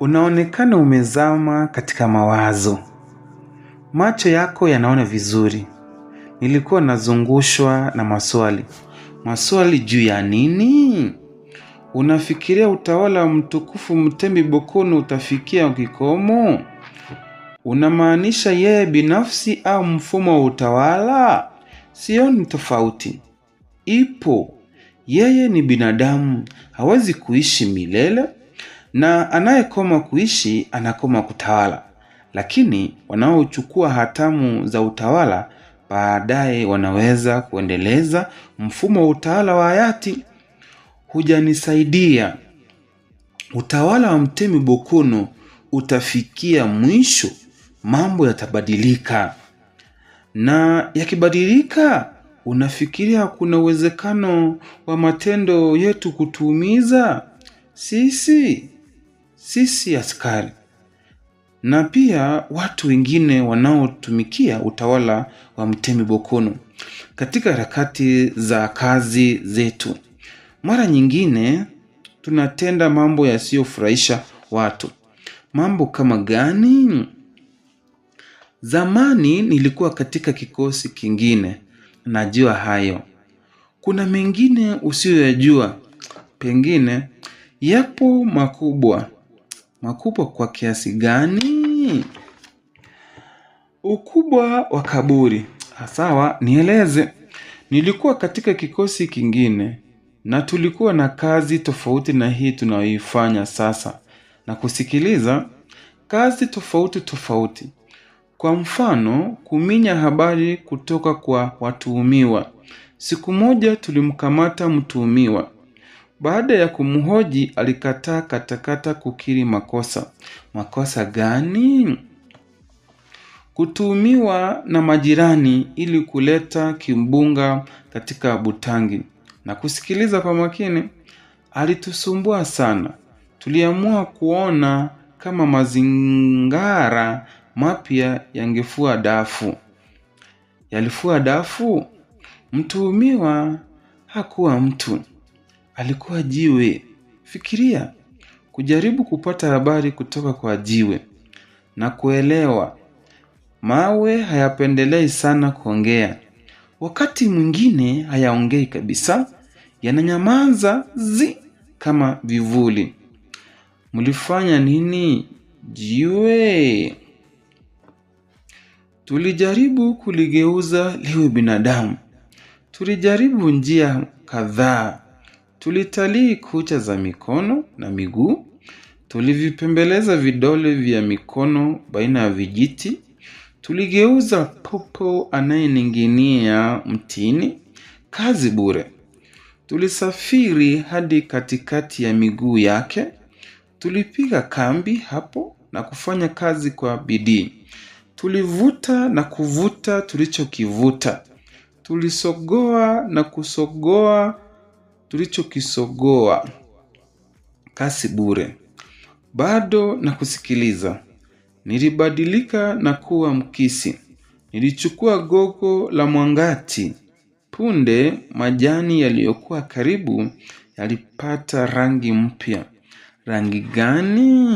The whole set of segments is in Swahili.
Unaonekana umezama katika mawazo, macho yako yanaona vizuri. Nilikuwa nazungushwa na maswali, maswali juu ya nini? Unafikiria utawala wa mtukufu Mtembi bokono utafikia kikomo? Unamaanisha yeye binafsi au mfumo wa utawala? Sioni tofauti ipo. Yeye ni binadamu, hawezi kuishi milele na anayekoma kuishi anakoma kutawala, lakini wanaochukua hatamu za utawala baadaye wanaweza kuendeleza mfumo wa utawala wa hayati. Hujanisaidia. Utawala wa Mtemi Bokono utafikia mwisho, mambo yatabadilika, na yakibadilika, unafikiria kuna uwezekano wa matendo yetu kutuumiza sisi? sisi askari na pia watu wengine wanaotumikia utawala wa Mtemi Bokono katika harakati za kazi zetu. Mara nyingine tunatenda mambo yasiyofurahisha watu. Mambo kama gani? Zamani nilikuwa katika kikosi kingine, najua hayo. Kuna mengine usiyoyajua, pengine yapo makubwa makubwa kwa kiasi gani? Ukubwa wa kaburi. Ah, sawa, nieleze. Nilikuwa katika kikosi kingine na tulikuwa na kazi tofauti na hii tunayoifanya sasa, na kusikiliza kazi tofauti tofauti. Kwa mfano, kuminya habari kutoka kwa watuhumiwa. Siku moja tulimkamata mtuhumiwa baada ya kumhoji, alikataa katakata kukiri makosa. Makosa gani? Kutuhumiwa na majirani ili kuleta kimbunga katika Butangi. Na kusikiliza kwa makini, alitusumbua sana. Tuliamua kuona kama mazingara mapya yangefua dafu. Yalifua dafu? Mtuhumiwa hakuwa mtu alikuwa jiwe. Fikiria kujaribu kupata habari kutoka kwa jiwe na kuelewa. Mawe hayapendelei sana kuongea, wakati mwingine hayaongei kabisa, yananyamaza zi kama vivuli. Mlifanya nini jiwe? Tulijaribu kuligeuza liwe binadamu. Tulijaribu njia kadhaa Tulitalii kucha za mikono na miguu, tulivipembeleza vidole vya mikono baina ya vijiti, tuligeuza popo anayening'inia mtini kazi bure. Tulisafiri hadi katikati ya miguu yake, tulipiga kambi hapo na kufanya kazi kwa bidii. Tulivuta na kuvuta tulichokivuta, tulisogoa na kusogoa tulichokisogoa kasi bure, bado na kusikiliza. Nilibadilika na kuwa mkisi, nilichukua gogo la mwangati. Punde majani yaliyokuwa karibu yalipata rangi mpya. Rangi gani?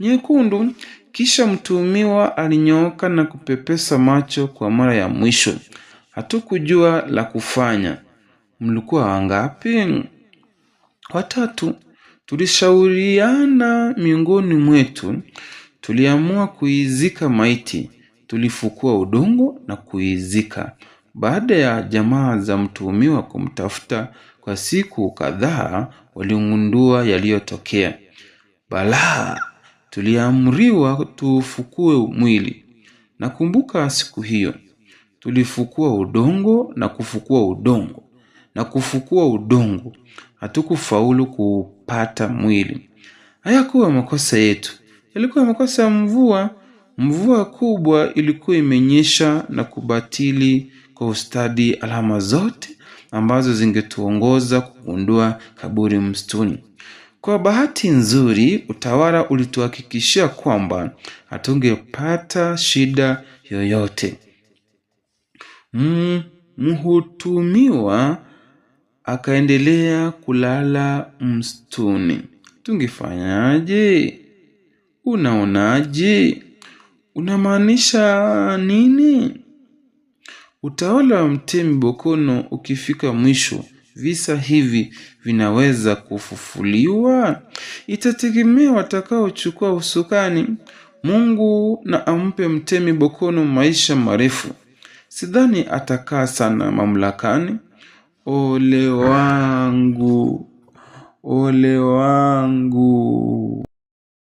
Nyekundu. Kisha mtuhumiwa alinyooka na kupepesa macho kwa mara ya mwisho. Hatukujua la kufanya. Mlikuwa wangapi? Watatu. Tulishauriana miongoni mwetu, tuliamua kuizika maiti. Tulifukua udongo na kuizika. Baada ya jamaa za mtuhumiwa kumtafuta kwa siku kadhaa, waligundua yaliyotokea. Balaa! Tuliamriwa tufukue mwili. Nakumbuka siku hiyo, tulifukua udongo na kufukua udongo na kufukua udongo, hatukufaulu kuupata mwili. Hayakuwa makosa yetu, yalikuwa makosa ya mvua. Mvua kubwa ilikuwa imenyesha na kubatili kwa ustadi alama zote ambazo zingetuongoza kugundua kaburi msituni. Kwa bahati nzuri, utawala ulituhakikishia kwamba hatungepata shida yoyote. Mhutumiwa akaendelea kulala msituni. Tungefanyaje? Unaonaje? Unamaanisha nini? Utawala wa Mtemi Bokono ukifika mwisho, visa hivi vinaweza kufufuliwa. Itategemea watakaochukua usukani. Mungu na ampe Mtemi Bokono maisha marefu. Sidhani atakaa sana mamlakani ole wangu, ole wangu.